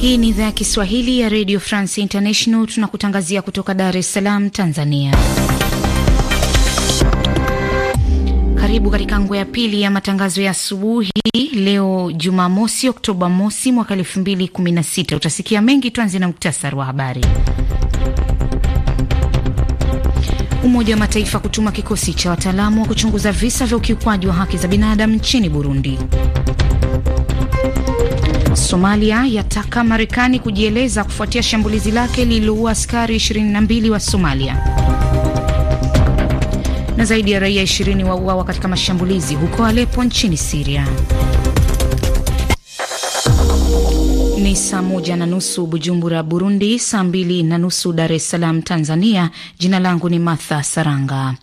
Hii ni idhaa ya Kiswahili ya Radio France International, tunakutangazia kutoka Dar es Salaam, Tanzania. Karibu katika ngwe ya pili ya matangazo ya asubuhi leo Jumamosi, Oktoba mosi mwaka elfu mbili kumi na sita. Utasikia mengi, tuanze na muktasari wa habari. Umoja wa Mataifa kutuma kikosi cha wataalamu wa kuchunguza visa vya ukiukwaji wa haki za binadamu nchini Burundi. Somalia yataka Marekani kujieleza kufuatia shambulizi lake lililoua askari 22 wa Somalia. Na zaidi ya raia 20 wauawa katika mashambulizi huko Aleppo nchini Syria. Ni saa moja na nusu Bujumbura, Burundi, saa mbili na nusu Dar es Salaam, Tanzania. Jina langu ni Martha Saranga.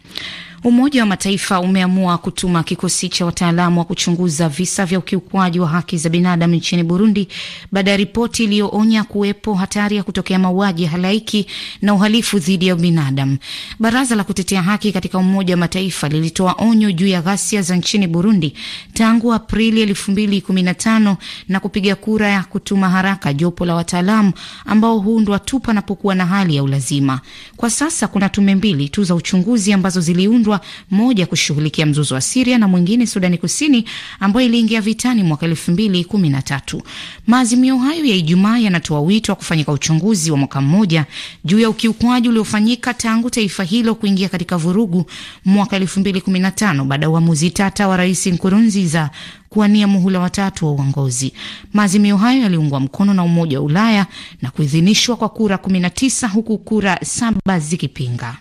Umoja wa Mataifa umeamua kutuma kikosi cha wataalamu wa kuchunguza visa vya ukiukwaji wa haki za binadamu nchini Burundi baada ya ripoti iliyoonya kuwepo hatari ya kutokea mauaji ya halaiki na uhalifu dhidi ya binadamu. Baraza la kutetea haki katika Umoja wa Mataifa lilitoa onyo juu ya ghasia za nchini Burundi tangu Aprili 2015 na kupiga kura ya kutuma haraka jopo la wataalamu ambao huundwa tu panapokuwa na hali ya ulazima. Kwa sasa kuna tume mbili tu za uchunguzi ambazo ziliundwa moja kushughulikia mzozo wa Siria na mwingine Sudani Kusini ambayo iliingia vitani mwaka elfu mbili kumi na tatu. Maazimio hayo ya Ijumaa yanatoa wito wa kufanyika uchunguzi wa mwaka mmoja juu ya ukiukwaji uliofanyika tangu taifa hilo kuingia katika vurugu mwaka elfu mbili kumi na tano baada ya uamuzi tata wa Rais Nkurunziza kuwania muhula watatu wa uongozi. Maazimio hayo yaliungwa mkono na Umoja wa Ulaya na kuidhinishwa kwa kura 19 huku kura saba zikipinga.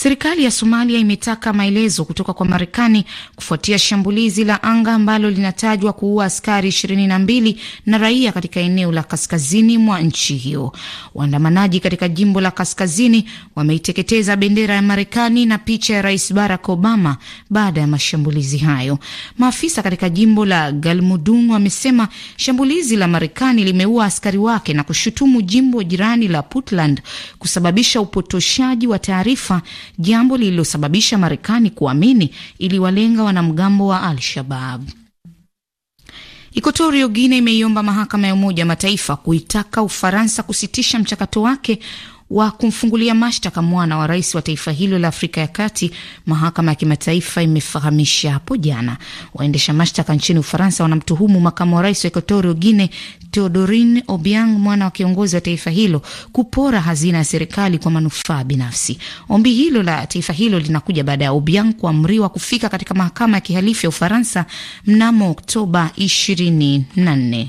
Serikali ya Somalia imetaka maelezo kutoka kwa Marekani kufuatia shambulizi la anga ambalo linatajwa kuua askari 22 na raia katika eneo la kaskazini mwa nchi hiyo. Waandamanaji katika jimbo la kaskazini wameiteketeza bendera ya Marekani na picha ya Rais Barack Obama baada ya mashambulizi hayo. Maafisa katika jimbo la Galmudug wamesema shambulizi la Marekani limeua askari wake na kushutumu jimbo jirani la Puntland kusababisha upotoshaji wa taarifa jambo lililosababisha Marekani kuamini iliwalenga wanamgambo wa Al-Shabab. Ikotorio guine imeiomba mahakama ya Umoja wa Mataifa kuitaka Ufaransa kusitisha mchakato wake wa kumfungulia mashtaka mwana wa rais wa taifa hilo la Afrika ya Kati, mahakama ya kimataifa imefahamisha hapo jana. Waendesha mashtaka nchini Ufaransa wanamtuhumu makamu wa rais wa Equatorio Guine Teodorin Obiang, mwana wa kiongozi wa taifa hilo, kupora hazina ya serikali kwa manufaa binafsi. Ombi hilo la taifa hilo linakuja baada ya Obiang kuamriwa kufika katika mahakama ya kihalifu ya Ufaransa mnamo Oktoba 24.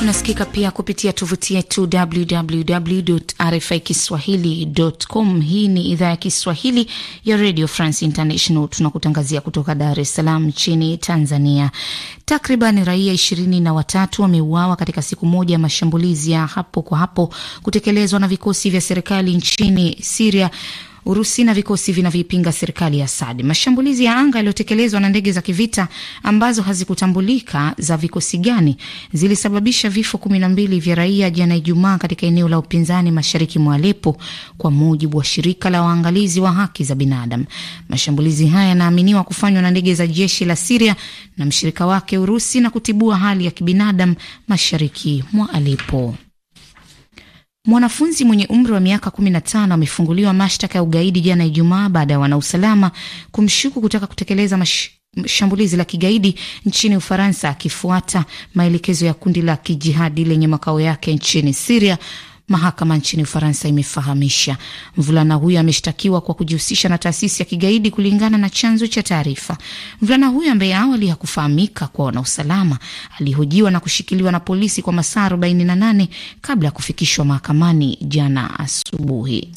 Tunasikika pia kupitia tovuti yetu www RFI kiswahilicom. Hii ni idhaa ya Kiswahili ya Radio France International. Tunakutangazia kutoka Dar es Salaam nchini Tanzania. Takriban raia ishirini na watatu wameuawa katika siku moja ya mashambulizi ya hapo kwa hapo kutekelezwa na vikosi vya serikali nchini Siria Urusi na vikosi vinavyoipinga serikali ya Asad. Mashambulizi ya anga yaliyotekelezwa na ndege za kivita ambazo hazikutambulika za vikosi gani zilisababisha vifo kumi na mbili vya raia jana Ijumaa katika eneo la upinzani mashariki mwa Alepo, kwa mujibu wa shirika la waangalizi wa haki za binadamu. Mashambulizi haya yanaaminiwa kufanywa na ndege za jeshi la Siria na mshirika wake Urusi na kutibua hali ya kibinadamu mashariki mwa Alepo. Mwanafunzi mwenye umri wa miaka 15 amefunguliwa mashtaka ya ugaidi jana Ijumaa baada ya wanausalama kumshuku kutaka kutekeleza mash shambulizi la kigaidi nchini Ufaransa akifuata maelekezo ya kundi la kijihadi lenye makao yake nchini Siria mahakama nchini Ufaransa imefahamisha. Mvulana huyo ameshtakiwa kwa kujihusisha na taasisi ya kigaidi, kulingana na chanzo cha taarifa. Mvulana huyo ambaye awali hakufahamika kwa wanausalama alihojiwa na kushikiliwa na polisi kwa masaa 48 kabla ya kufikishwa mahakamani jana asubuhi.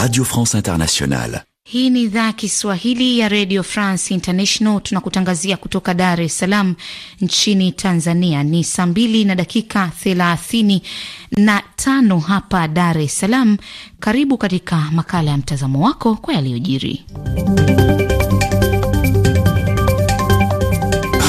Radio France Internationale. Hii ni idhaa ya Kiswahili ya Radio France International. Tunakutangazia kutoka Dar es Salaam nchini Tanzania. Ni saa mbili na dakika thelathini na tano hapa Dar es Salaam. Karibu katika makala ya mtazamo wako kwa yaliyojiri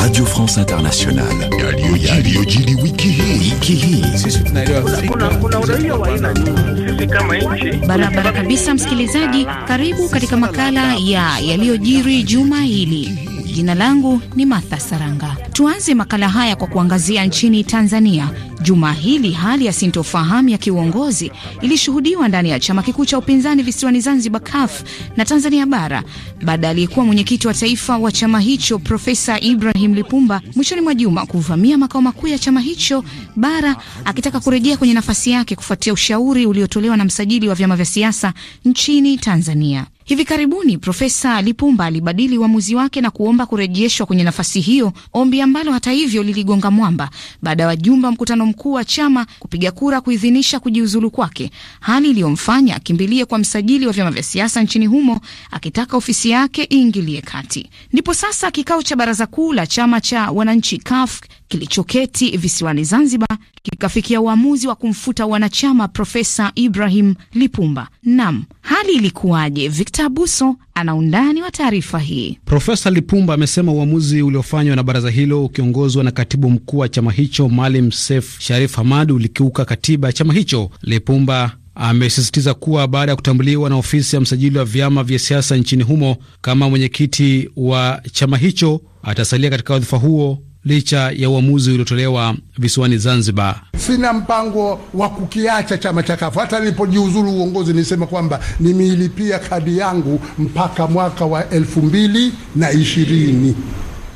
Radio France international yaliyojiri wiki hii wiki hii. Sisi tunaelewa kuna uraia wa aina nyingi sisi kama nchi barabara kabisa. Msikilizaji, karibu katika makala ya yaliyojiri juma hili. Jina langu ni Martha Saranga. Tuanze makala haya kwa kuangazia nchini Tanzania. Juma hili hali ya sintofahamu ya kiuongozi ilishuhudiwa ndani ya chama kikuu cha upinzani visiwani Zanzibar, CUF, na Tanzania Bara baada ya aliyekuwa mwenyekiti wa taifa wa chama hicho Profesa Ibrahim Lipumba mwishoni mwa juma kuvamia makao makuu ya chama hicho Bara akitaka kurejea kwenye nafasi yake kufuatia ushauri uliotolewa na msajili wa vyama vya siasa nchini Tanzania. Hivi karibuni Profesa Lipumba alibadili uamuzi wake na kuomba kurejeshwa kwenye nafasi hiyo, ombi ambalo hata hivyo liligonga mwamba baada ya wajumbe wa mkutano mkuu wa chama kupiga kura kuidhinisha kujiuzulu kwake, hali iliyomfanya akimbilie kwa msajili wa vyama vya siasa nchini humo akitaka ofisi yake iingilie kati. Ndipo sasa kikao cha baraza kuu la chama cha wananchi CUF kilichoketi visiwani Zanzibar kikafikia uamuzi wa kumfuta wanachama Profesa Ibrahim Lipumba. Nam, hali ilikuwaje? Victor Abuso ana undani wa taarifa hii. Profesa Lipumba amesema uamuzi uliofanywa na baraza hilo ukiongozwa na katibu mkuu wa chama hicho Maalim sef Sharif Hamad ulikiuka katiba ya chama hicho. Lipumba amesisitiza kuwa baada ya kutambuliwa na ofisi ya msajili wa vyama vya siasa nchini humo kama mwenyekiti wa chama hicho, atasalia katika wadhifa huo licha ya uamuzi uliotolewa visiwani Zanzibar. Sina mpango wa kukiacha chama cha Kafu. Hata nilipojiuzulu uongozi nilisema kwamba nimeilipia kadi yangu mpaka mwaka wa elfu mbili na ishirini.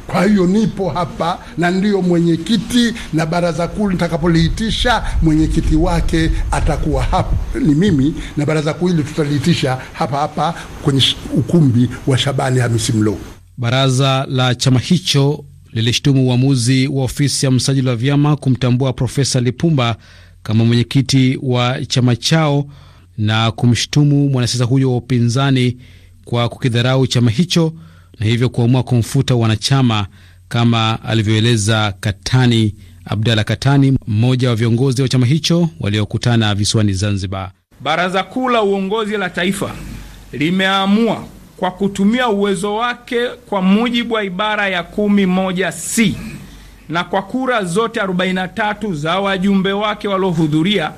Kwa hiyo nipo hapa na ndiyo mwenyekiti, na baraza kuu nitakapoliitisha mwenyekiti wake atakuwa hapa, ni mimi, na baraza kuu hili tutaliitisha hapa hapa kwenye ukumbi wa Shabani Hamisi mlou Baraza la chama hicho lilishtumu uamuzi wa ofisi ya msajili wa vyama kumtambua Profesa Lipumba kama mwenyekiti wa chama chao na kumshtumu mwanasiasa huyo wa upinzani kwa kukidharau chama hicho na hivyo kuamua kumfuta wanachama, kama alivyoeleza Katani Abdalla Katani, mmoja wa viongozi wa chama hicho waliokutana visiwani Zanzibar. Baraza Kuu la Uongozi la Taifa limeamua kwa kutumia uwezo wake kwa mujibu wa ibara ya kumi moja c na kwa kura zote 43 za wajumbe wake waliohudhuria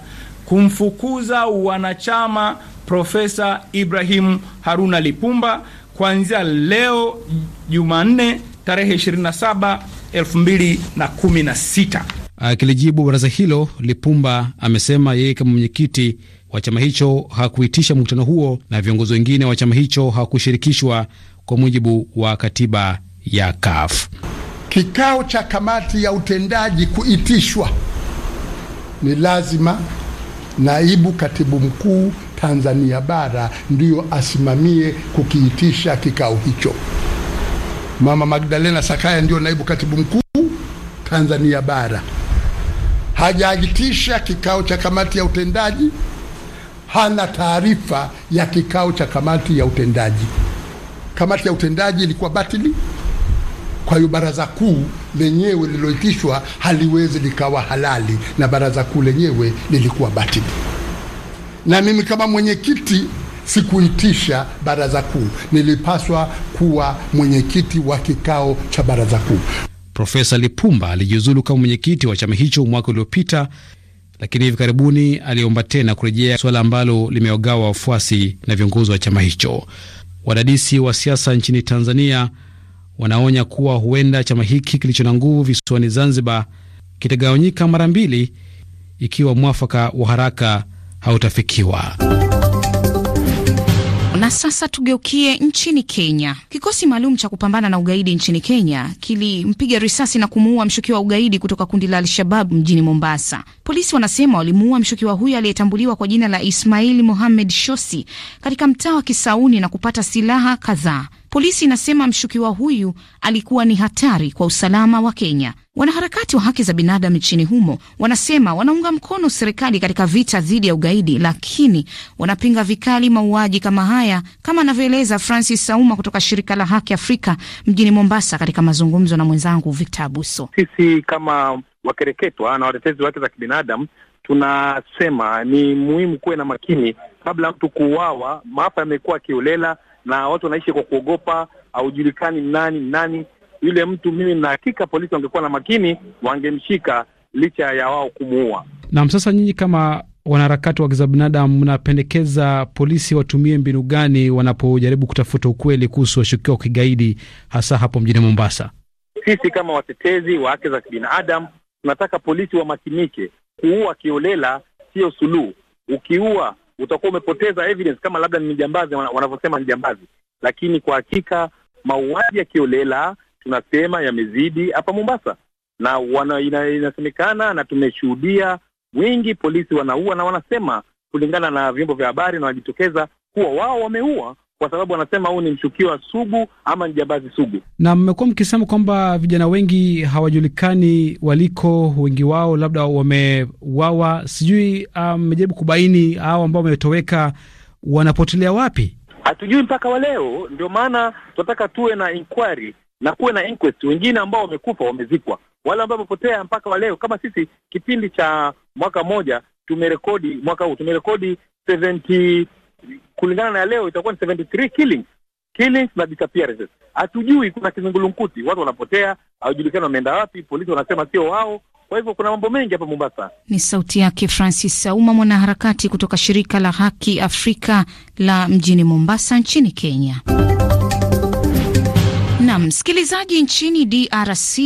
kumfukuza wanachama Profesa ibrahimu Haruna Lipumba kuanzia leo Jumanne tarehe 27 2016. Akilijibu baraza hilo, Lipumba amesema yeye kama mwenyekiti wa chama hicho hakuitisha mkutano huo na viongozi wengine wa chama hicho hawakushirikishwa kwa mujibu wa katiba ya CUF. Kikao cha kamati ya utendaji kuitishwa, ni lazima naibu katibu mkuu Tanzania bara ndiyo asimamie kukiitisha kikao hicho. Mama Magdalena Sakaya ndiyo naibu katibu mkuu Tanzania bara, hajaitisha kikao cha kamati ya utendaji hana taarifa ya kikao cha kamati ya utendaji. Kamati ya utendaji ilikuwa batili, kwa hiyo baraza kuu lenyewe lililoitishwa haliwezi likawa halali, na baraza kuu lenyewe lilikuwa batili. Na mimi kama mwenyekiti sikuitisha baraza kuu, nilipaswa kuwa mwenyekiti wa kikao cha baraza kuu. Profesa Lipumba alijiuzulu kama mwenyekiti wa chama hicho mwaka uliopita lakini hivi karibuni aliomba tena kurejea, suala ambalo limewagawa wafuasi na viongozi wa chama hicho. Wadadisi wa siasa nchini Tanzania wanaonya kuwa huenda chama hiki kilicho na nguvu visiwani Zanzibar kitagawanyika mara mbili ikiwa mwafaka wa haraka hautafikiwa. Na sasa tugeukie nchini Kenya. Kikosi maalum cha kupambana na ugaidi nchini Kenya kilimpiga risasi na kumuua mshukiwa wa ugaidi kutoka kundi la Al-Shabab mjini Mombasa. Polisi wanasema walimuua mshukiwa huyo aliyetambuliwa kwa jina la Ismail Mohamed Shosi katika mtaa wa Kisauni na kupata silaha kadhaa. Polisi inasema mshukiwa huyu alikuwa ni hatari kwa usalama wa Kenya. Wanaharakati wa haki za binadamu nchini humo wanasema wanaunga mkono serikali katika vita dhidi ya ugaidi, lakini wanapinga vikali mauaji kama haya, kama anavyoeleza Francis Sauma kutoka shirika la Haki Afrika mjini Mombasa, katika mazungumzo na mwenzangu Victor Abuso. Sisi kama wakereketwa na watetezi wa haki za kibinadamu tunasema ni muhimu kuwe na makini kabla mtu kuuawa. Maafa yamekuwa akiolela na watu wanaishi kwa kuogopa, haujulikani nani nani yule mtu. Mimi na hakika polisi wangekuwa na makini, wangemshika licha ya wao kumuua. Naam, sasa nyinyi kama wanaharakati wa haki za binadamu mnapendekeza polisi watumie mbinu gani wanapojaribu kutafuta ukweli kuhusu washukiwa wa kigaidi hasa hapo mjini Mombasa? Sisi kama watetezi wa haki za kibinadamu tunataka polisi wamakinike. Kuua kiolela sio suluhu. Ukiua utakuwa umepoteza evidence, kama labda ni jambazi wanavyosema ni jambazi. Lakini kwa hakika mauaji ya kiolela tunasema yamezidi hapa Mombasa, na wana, ina, inasemekana na tumeshuhudia wingi, polisi wanaua na wanasema kulingana na vyombo vya habari na wanajitokeza kuwa wao wameua kwa sababu wanasema huu ni mshukiwa sugu ama ni jambazi sugu. Na mmekuwa mkisema kwamba vijana wengi hawajulikani waliko, wengi wao labda wamewawa sijui ah, mmejaribu um, kubaini hao ambao wametoweka wanapotelea wapi, hatujui mpaka wa leo. Ndio maana tunataka tuwe na inquiry na kuwe na inquest. Wengine ambao wamekufa wamezikwa, wale ambao wamepotea mpaka wa leo. Kama sisi kipindi cha mwaka mmoja tumerekodi, mwaka huu tumerekodi kulingana na leo itakuwa ni 73 killings killings na disappearances. Hatujui, kuna kizungulunkuti, watu wanapotea, hawajulikani wameenda wapi, polisi wanasema sio wao. Kwa hivyo kuna mambo mengi hapa Mombasa. Ni sauti yake Francis Sauma, mwanaharakati kutoka shirika la Haki Afrika la mjini Mombasa nchini Kenya. Nam msikilizaji, nchini DRC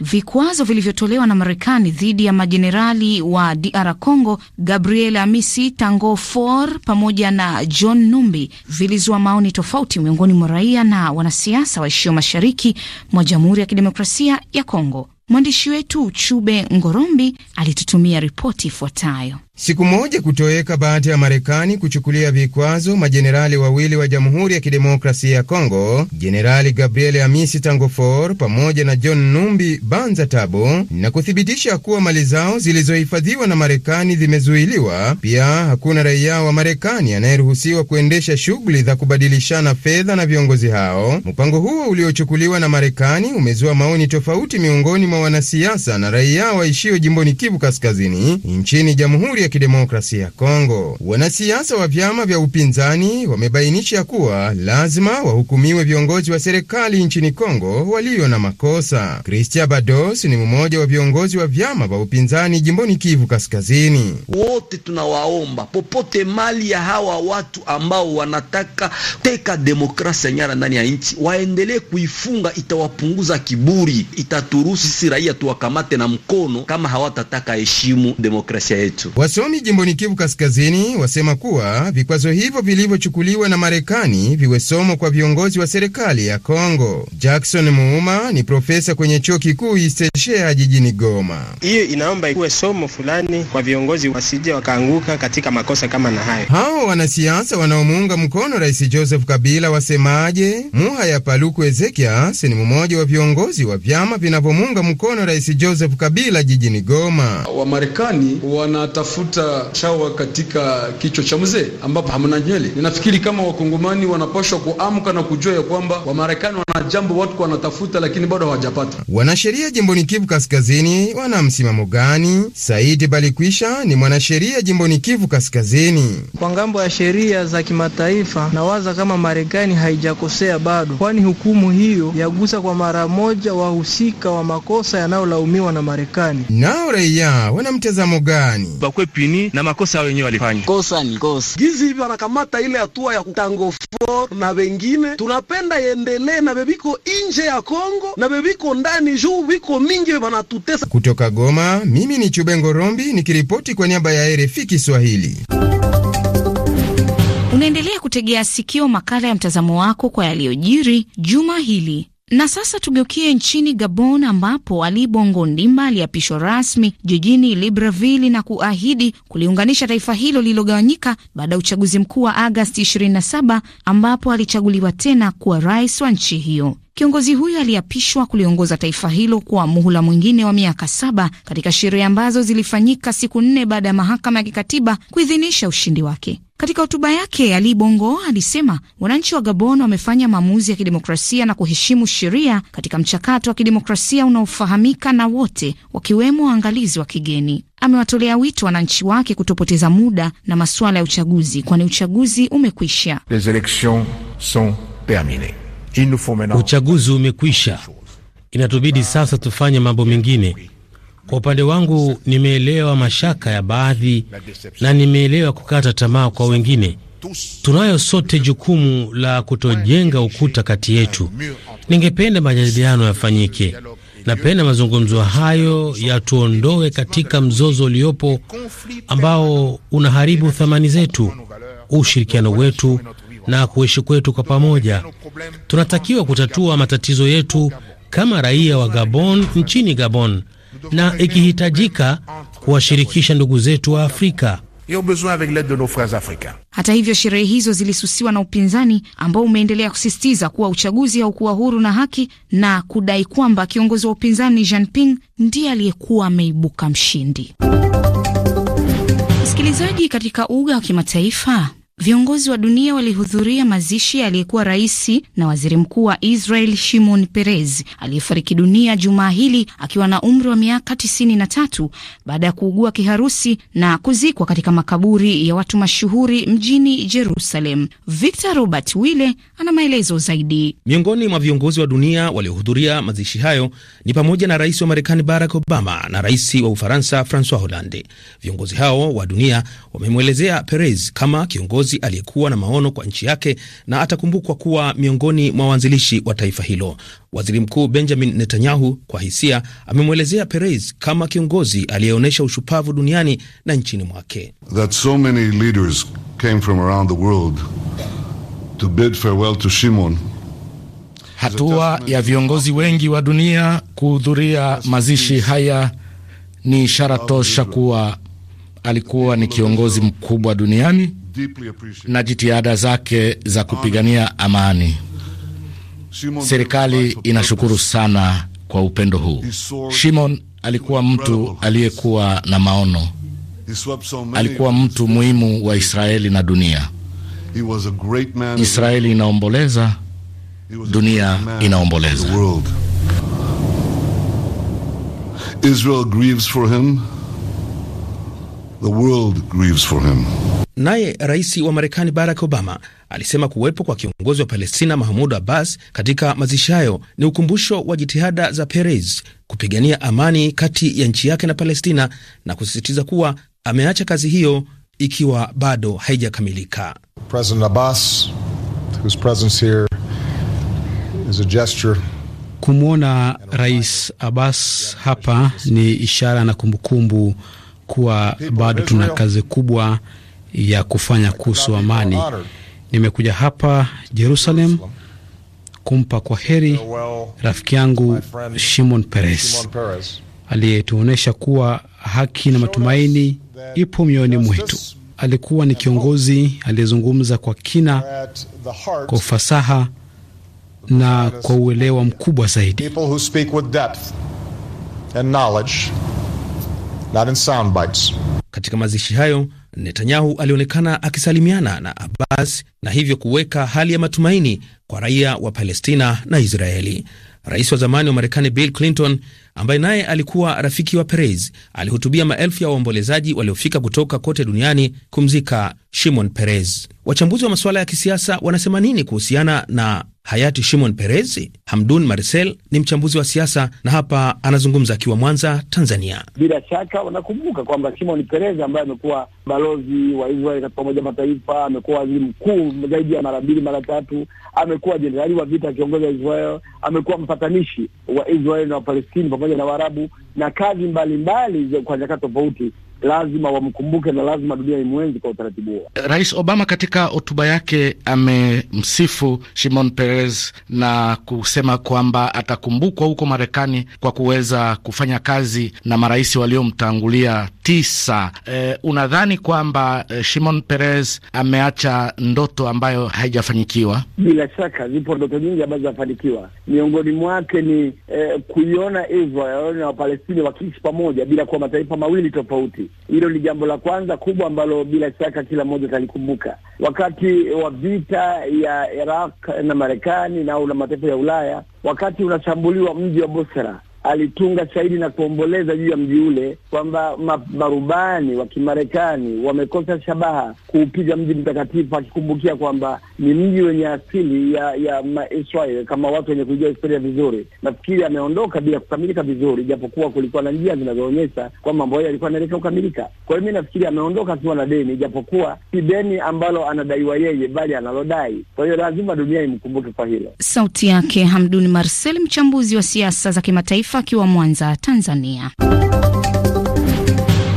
vikwazo vilivyotolewa na Marekani dhidi ya majenerali wa DR Congo Gabriel Amisi Tango For pamoja na John Numbi vilizua maoni tofauti miongoni mwa raia na wanasiasa waishio mashariki mwa Jamhuri ya Kidemokrasia ya congo Mwandishi wetu Chube Ngorombi alitutumia ripoti ifuatayo. Siku moja kutoweka baada ya Marekani kuchukulia vikwazo majenerali wawili wa Jamhuri ya Kidemokrasia ya Kongo, Jenerali Gabriel Amisi Tangofor pamoja na John Numbi Banza Tabo, na kuthibitisha kuwa mali zao zilizohifadhiwa na Marekani zimezuiliwa. Pia hakuna raia wa Marekani anayeruhusiwa kuendesha shughuli za kubadilishana fedha na viongozi hao. Mpango huo uliochukuliwa na Marekani umezua maoni tofauti miongoni mwa wanasiasa na raia waishio jimboni Kivu Kaskazini nchini Jamhuri ya Kidemokrasia ya Kongo. Wanasiasa wa vyama vya upinzani wamebainisha kuwa lazima wahukumiwe viongozi wa serikali nchini Kongo walio na makosa. Christian Bados ni mmoja wa viongozi wa vyama vya upinzani jimboni Kivu Kaskazini. Wote tunawaomba popote mali ya hawa watu ambao wanataka teka demokrasia nyara ndani ya nchi waendelee kuifunga, itawapunguza kiburi, itaturuhusu sisi raia tuwakamate na mkono kama hawatataka heshimu demokrasia yetu Was Wasomi jimboni Kivu Kaskazini wasema kuwa vikwazo hivyo vilivyochukuliwa na Marekani viwe somo kwa viongozi wa serikali ya Kongo. Jackson Muuma ni profesa kwenye chuo kikuu Isteshea jijini Goma. Hiyo inaomba ikuwe somo fulani kwa viongozi wasije wakaanguka katika makosa kama na hayo. Hao wanasiasa wanaomuunga mkono Rais Joseph Kabila wasemaje? muha ya Paluku Ezekias ni mmoja wa viongozi wa vyama vinavyomuunga mkono Rais Joseph Kabila jijini Goma. Wamarekani wanatafuta kuvuta shawa katika kichwa cha mzee ambapo hamna nywele. Ninafikiri kama wakongomani wanapashwa kuamka na kujua ya kwamba Wamarekani wana jambo watu wanatafuta, lakini bado hawajapata. Wanasheria jimboni Kivu Kaskazini wana msimamo gani? Saidi Balikwisha ni mwanasheria jimboni Kivu Kaskazini. Kwa ngambo ya sheria za kimataifa, nawaza kama Marekani haijakosea bado, kwani hukumu hiyo yagusa kwa mara moja wahusika wa makosa yanayolaumiwa na Marekani. Nao raia wana mtazamo gani? Bakwe kupini na makosa yao wenyewe walifanya. Kosa ni kosa, gizi wanakamata ile hatua ya kutangofor na wengine, tunapenda endelee na bebiko inje ya Kongo na bebiko ndani juu viko mingi wanatutesa. Kutoka Goma, mimi ni Chubengo Rombi nikiripoti kwa niaba ya RFI Kiswahili. Unaendelea kutegea sikio makala ya mtazamo wako kwa yaliyojiri juma hili na sasa tugeukie nchini Gabon ambapo Ali Bongo Ndimba aliapishwa rasmi jijini Libreville na kuahidi kuliunganisha taifa hilo lililogawanyika baada ya uchaguzi mkuu wa Agasti 27 ambapo alichaguliwa tena kuwa rais wa nchi hiyo. Kiongozi huyo aliapishwa kuliongoza taifa hilo kwa muhula mwingine wa miaka saba katika sherehe ambazo zilifanyika siku nne baada ya mahakama ya kikatiba kuidhinisha ushindi wake. Katika hotuba yake Ali Bongo alisema wananchi wa Gabon wamefanya maamuzi ya kidemokrasia na kuheshimu sheria katika mchakato wa kidemokrasia unaofahamika na wote, wakiwemo waangalizi wa kigeni. Amewatolea wito wananchi wake kutopoteza muda na masuala ya uchaguzi, kwani uchaguzi umekwisha. Les elections sont terminees. Uchaguzi umekwisha, inatubidi sasa tufanye mambo mengine. Kwa upande wangu, nimeelewa mashaka ya baadhi na nimeelewa kukata tamaa kwa wengine. Tunayo sote jukumu la kutojenga ukuta kati yetu. Ningependa majadiliano yafanyike, napenda mazungumzo hayo yatuondoe katika mzozo uliopo ambao unaharibu thamani zetu, ushirikiano wetu na kuishi kwetu kwa pamoja. Tunatakiwa kutatua matatizo yetu kama raia wa Gabon nchini Gabon, na ikihitajika kuwashirikisha ndugu zetu wa Afrika. Hata hivyo sherehe hizo zilisusiwa na upinzani ambao umeendelea kusisitiza kuwa uchaguzi haukuwa huru na haki na kudai kwamba kiongozi wa upinzani Jean Ping ndiye aliyekuwa ameibuka mshindi. Msikilizaji, katika uga wa kimataifa Viongozi wa dunia walihudhuria mazishi aliyekuwa rais na waziri mkuu wa Israel Shimon Peres aliyefariki dunia jumaa hili akiwa na umri wa miaka tatu baada ya kuugua kiharusi na kuzikwa katika makaburi ya watu mashuhuri mjini Jerusalem. Victor Robert Wille ana maelezo zaidi. Miongoni mwa viongozi wa dunia waliohudhuria mazishi hayo ni pamoja na rais wa Marekani Barack Obama na rais wa Ufaransa Francois Hollande. Viongozi hao wa dunia wamemwelezea Peres kama kiongozi kiongozi aliyekuwa na maono kwa nchi yake na atakumbukwa kuwa miongoni mwa waanzilishi wa taifa hilo. Waziri Mkuu Benjamin Netanyahu kwa hisia amemwelezea Peres kama kiongozi aliyeonyesha ushupavu duniani na nchini mwake. That so many leaders came from around the world to bid farewell to Shimon. Hatua ya viongozi wengi wa dunia kuhudhuria mazishi haya ni ishara tosha kuwa alikuwa ni kiongozi mkubwa duniani na jitihada zake za kupigania amani. Serikali inashukuru sana kwa upendo huu. Shimon alikuwa mtu aliyekuwa na maono, alikuwa mtu muhimu wa Israeli na dunia. Israeli inaomboleza, dunia inaomboleza. Israel grieves for him. The world grieves for him. Naye rais wa Marekani Barack Obama alisema kuwepo kwa kiongozi wa Palestina Mahmud Abbas katika mazishi hayo ni ukumbusho wa jitihada za Perez kupigania amani kati ya nchi yake na Palestina, na kusisitiza kuwa ameacha kazi hiyo ikiwa bado haijakamilika. Kumwona Rais Abbas hapa ni ishara na kumbukumbu kuwa bado tuna kazi kubwa ya kufanya kuhusu amani. Nimekuja hapa Jerusalem kumpa kwa heri rafiki yangu Shimon Peres aliyetuonyesha kuwa haki na matumaini ipo mioyoni mwetu. Alikuwa ni kiongozi aliyezungumza kwa kina, kwa ufasaha na kwa uelewa mkubwa zaidi. Katika mazishi hayo Netanyahu alionekana akisalimiana na Abbas na hivyo kuweka hali ya matumaini kwa raia wa Palestina na Israeli. Rais wa zamani wa Marekani Bill Clinton, ambaye naye alikuwa rafiki wa Perez, alihutubia maelfu ya waombolezaji waliofika kutoka kote duniani kumzika Shimon Perez. Wachambuzi wa masuala ya kisiasa wanasema nini kuhusiana na hayati Shimon Perez. Hamdun Marcel ni mchambuzi wa siasa na hapa anazungumza akiwa Mwanza, Tanzania. Bila shaka wanakumbuka kwamba Shimon Perez ambaye amekuwa balozi wa Israel katika Umoja Mataifa, amekuwa waziri mkuu zaidi ya mara mbili mara tatu, amekuwa jenerali wa vita akiongoza Israel, amekuwa mpatanishi wa Israel na Wapalestini pamoja na Waarabu na kazi mbalimbali kwa nyakati tofauti lazima wamkumbuke na lazima dunia imwenzi kwa utaratibu huo. Rais Obama katika hotuba yake amemsifu Shimon Peres na kusema kwamba atakumbukwa huko Marekani kwa kuweza kufanya kazi na marais waliomtangulia tisa. E, unadhani kwamba e, Shimon Peres ameacha ndoto ambayo haijafanyikiwa? Bila shaka zipo ndoto nyingi ambazo zinafanikiwa, miongoni mwake ni e, kuiona Israel na Wapalestini wakiishi pamoja bila kuwa mataifa mawili tofauti hilo ni jambo la kwanza kubwa ambalo bila shaka kila mmoja atalikumbuka. Wakati wa vita ya Iraq na Marekani na na mataifa ya Ulaya, wakati unashambuliwa mji wa Bosra alitunga shahidi na kuomboleza juu ya mji ule kwamba marubani wa Kimarekani wamekosa shabaha kuupiga mji mtakatifu, akikumbukia kwamba ni mji wenye asili ya ya Maisrael kama watu wenye kujua historia vizuri. Nafikiri ameondoka bila kukamilika vizuri, japokuwa kulikuwa na njia zinazoonyesha kwamba mambo hayo yalikuwa anaelekea kukamilika. Kwa hiyo mi nafikiri ameondoka akiwa na deni, japokuwa si deni ambalo anadaiwa yeye, bali analodai. Kwa hiyo lazima dunia imkumbuke kwa hilo. Sauti yake Hamduni Marsel, mchambuzi wa siasa za kimataifa akiwa Mwanza, Tanzania.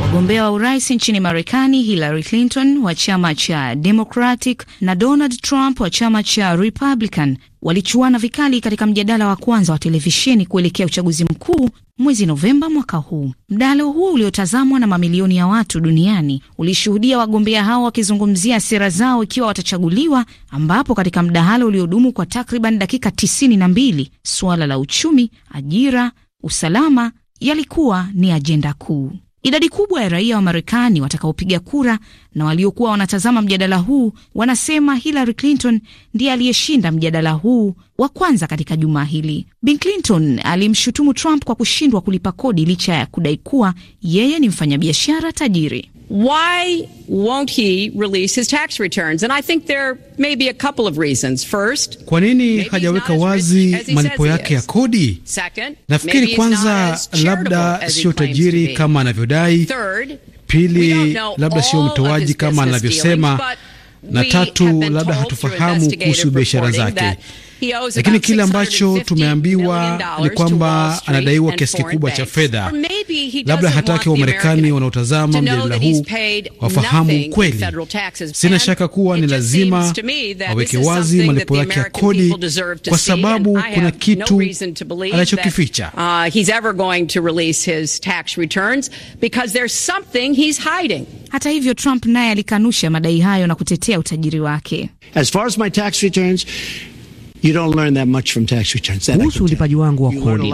Wagombea wa urais nchini Marekani, Hillary Clinton wa chama cha Democratic na Donald Trump wa chama cha Republican walichuana vikali katika mjadala wa kwanza wa televisheni kuelekea uchaguzi mkuu mwezi Novemba mwaka huu. Mdahalo huo uliotazamwa na mamilioni ya watu duniani ulishuhudia wagombea hao wakizungumzia sera zao ikiwa watachaguliwa, ambapo katika mdahalo uliodumu kwa takriban dakika tisini na mbili suala la uchumi, ajira usalama yalikuwa ni ajenda kuu. Idadi kubwa ya raia wa Marekani watakaopiga kura na waliokuwa wanatazama mjadala huu wanasema Hillary Clinton ndiye aliyeshinda mjadala huu wa kwanza katika jumaa hili. Bi Clinton alimshutumu Trump kwa kushindwa kulipa kodi licha ya kudai kuwa yeye ni mfanyabiashara tajiri why won't he release his tax returns? And I think there may be a couple of reasons. First, kwa nini hajaweka wazi malipo yake ya kodi? Second, nafikiri kwanza labda sio tajiri kama anavyodai. Third, Pili, labda sio mtoaji kama anavyosema, na tatu, labda hatufahamu kuhusu biashara zake lakini kile ambacho tumeambiwa ni kwamba anadaiwa kiasi kikubwa cha fedha. Labda hataki Wamarekani wanaotazama mjadala huu wafahamu ukweli. Sina shaka kuwa ni lazima waweke wazi malipo yake ya kodi, kwa sababu kuna kitu anachokificha. Uh, Hata hivyo, Trump naye alikanusha madai hayo na kutetea utajiri wake. As far as my tax returns, kuhusu ulipaji wangu wa kodi,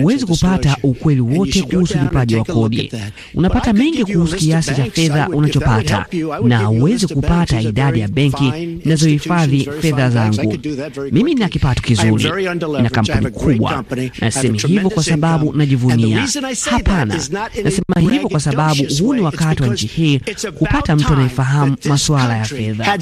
huwezi kupata ukweli wote kuhusu ulipaji wa kodi. Unapata mengi kuhusu kiasi cha fedha unachopata, na huwezi kupata idadi ya benki inazohifadhi fedha zangu. Mimi nina kipato kizuri na kampuni kubwa, nasema hivyo kwa sababu najivunia. Hapana, nasema hivyo kwa sababu huu ni wakati wa nchi hii kupata mtu anayefahamu masuala ya fedha.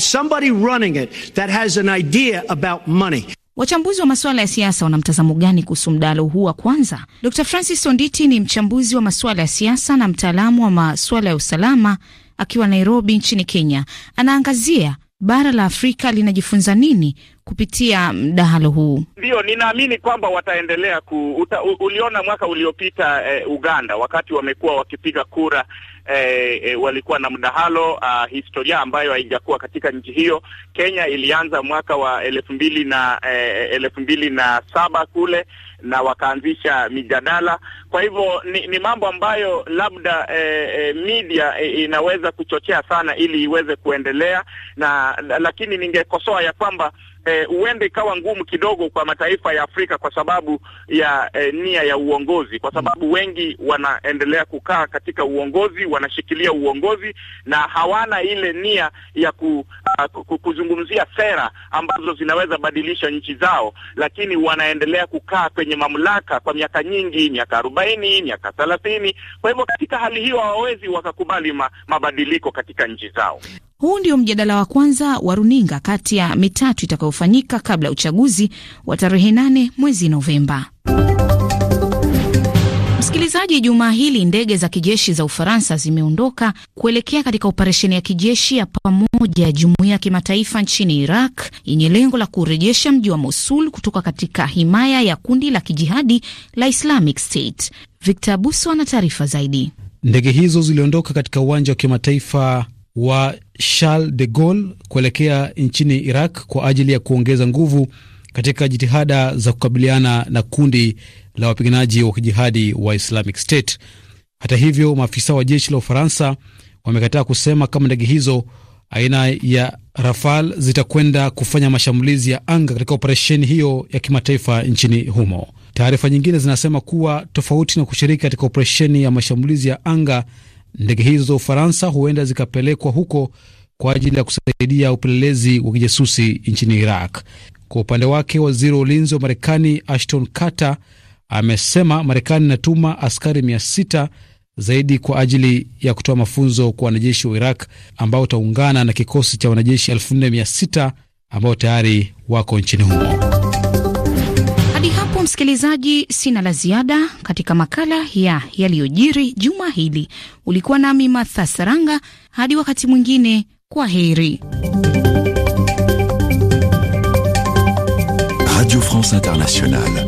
Wachambuzi wa masuala ya siasa wana mtazamo gani kuhusu mdahalo huu wa kwanza? Dr Francis Onditi ni mchambuzi wa masuala ya siasa na mtaalamu wa masuala ya usalama akiwa Nairobi nchini Kenya. Anaangazia bara la Afrika linajifunza nini kupitia mdahalo huu? Ndio, ninaamini kwamba wataendelea ku, uta, u, uliona mwaka uliopita eh, Uganda wakati wamekuwa wakipiga kura eh, eh, walikuwa na mdahalo uh, historia ambayo haijakuwa katika nchi hiyo. Kenya ilianza mwaka wa elfu mbili na eh, elfu mbili na saba kule na wakaanzisha mijadala. Kwa hivyo ni, ni mambo ambayo labda eh, eh, media eh, inaweza kuchochea sana ili iweze kuendelea na, lakini ningekosoa ya kwamba Eh, huenda eh, ikawa ngumu kidogo kwa mataifa ya Afrika kwa sababu ya eh, nia ya uongozi, kwa sababu wengi wanaendelea kukaa katika uongozi, wanashikilia uongozi na hawana ile nia ya ku, uh, kuzungumzia sera ambazo zinaweza badilisha nchi zao, lakini wanaendelea kukaa kwenye mamlaka kwa miaka nyingi, miaka arobaini, miaka thelathini. Kwa hivyo katika hali hiyo hawawezi wakakubali ma, mabadiliko katika nchi zao. Huu ndio mjadala wa kwanza wa runinga kati ya mitatu itakayofanyika kabla ya uchaguzi wa tarehe nane mwezi Novemba. Msikilizaji, jumaa hili ndege za kijeshi za Ufaransa zimeondoka kuelekea katika operesheni ya kijeshi ya pamoja ya jumuiya ya kimataifa nchini Iraq yenye lengo la kurejesha mji wa Mosul kutoka katika himaya ya kundi la kijihadi la Islamic State. Victor Abuso ana taarifa zaidi. Ndege hizo ziliondoka katika uwanja wa kimataifa wa Charles de Gaulle kuelekea nchini Iraq kwa ajili ya kuongeza nguvu katika jitihada za kukabiliana na kundi la wapiganaji wa kijihadi wa Islamic State. Hata hivyo, maafisa wa jeshi la Ufaransa wamekataa kusema kama ndege hizo aina ya Rafale zitakwenda kufanya mashambulizi ya anga katika operesheni hiyo ya kimataifa nchini humo. Taarifa nyingine zinasema kuwa tofauti na kushiriki katika operesheni ya mashambulizi ya anga Ndege hizo za Ufaransa huenda zikapelekwa huko kwa ajili ya kusaidia upelelezi wa kijasusi nchini Iraq. Kwa upande wake, waziri wa ulinzi wa Marekani Ashton Carter amesema Marekani inatuma askari mia sita zaidi kwa ajili ya kutoa mafunzo kwa wanajeshi wa Iraq ambao utaungana na kikosi cha wanajeshi elfu nne mia sita ambao tayari wako nchini humo msikilizaji, sina la ziada katika makala ya yaliyojiri juma hili. Ulikuwa nami Matha Saranga, hadi wakati mwingine, kwa heri. Radio France Internationale.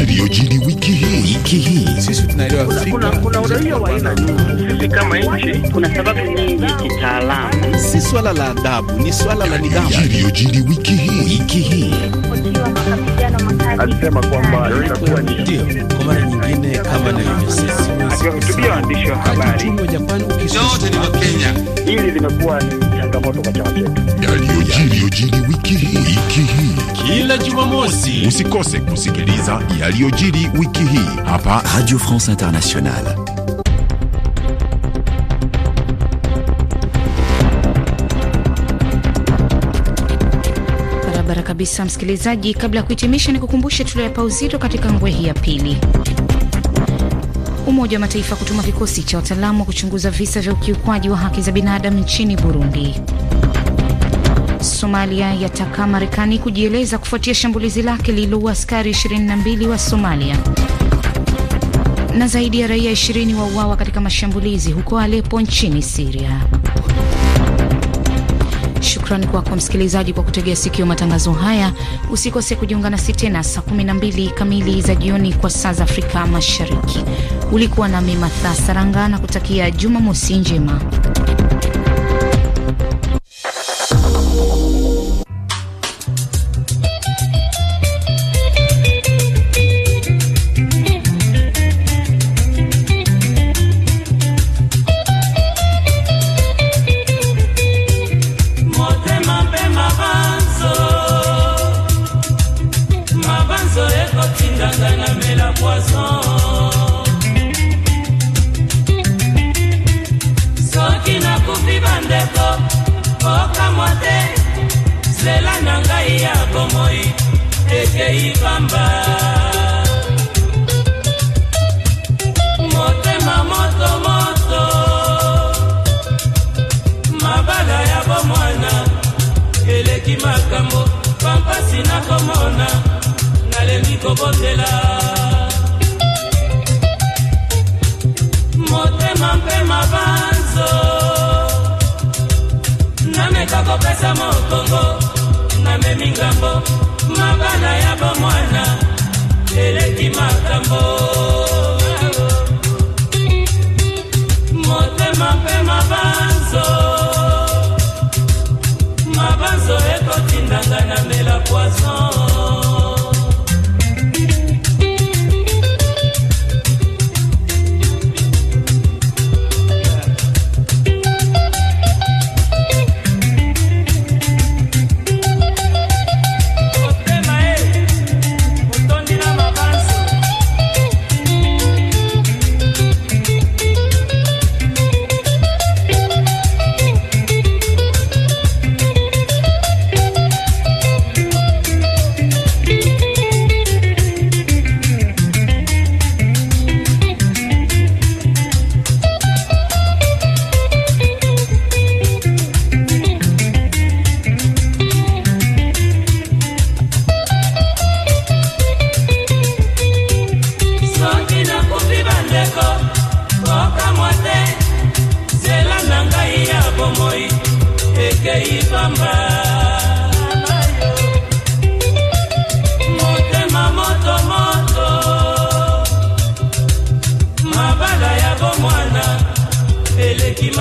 Yaliyojiri wiki hii. Wiki hii. Sisi tunaelewa Afrika. Kuna uraia wa aina nyingi. Sisi kama nchi kuna sababu nyingi kitaalamu. Si swala la adabu, ni swala la nidhamu. Yaliyojiri wiki hii. Wiki hii alisema kwamba itakuwa ni ndio kwa mara nyingine, kama nilivyosema, akiwahutubia waandishi wa habari, yote ni Kenya. Hili limekuwa ni changamoto kwa chama chetu. Yaliyojiri wiki hii, kila Jumamosi usikose kusikiliza yaliyojiri wiki hii hapa Radio France Internationale. kabisa msikilizaji, kabla ya kuhitimisha, ni kukumbushe tulioyapa uzito katika ngwehi ya pili. Umoja wa Mataifa kutuma kikosi cha wataalamu wa kuchunguza visa vya ukiukwaji wa haki za binadamu nchini Burundi. Somalia yataka Marekani kujieleza kufuatia shambulizi lake lililoua askari 22 wa Somalia. Na zaidi ya raia 20 wauawa katika mashambulizi huko Aleppo nchini Syria. Shukrani kwako msikilizaji kwa kutegea sikio matangazo haya. Usikose kujiunga nasi tena saa 12 kamili za jioni kwa saa za Afrika Mashariki. Ulikuwa mimi Matha Saranga na kutakia Jumamosi njema. mwana eleki makambo motema mpe mabanzo mabanzo ekotindanga na mela poison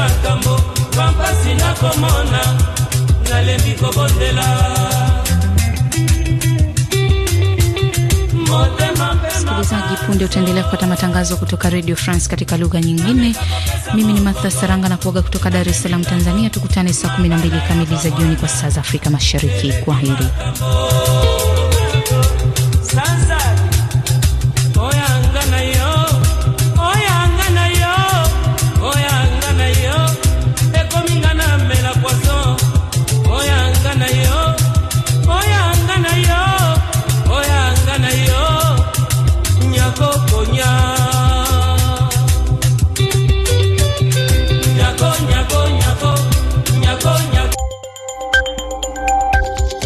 makambo pampasi nakomona nalembi kobondela msikilizaji punde utaendelea kupata matangazo kutoka radio france katika lugha nyingine mimi ni martha saranga na kuaga kutoka dar es salaam tanzania tukutane saa 12 kamili za jioni kwa saa za afrika mashariki kwa heri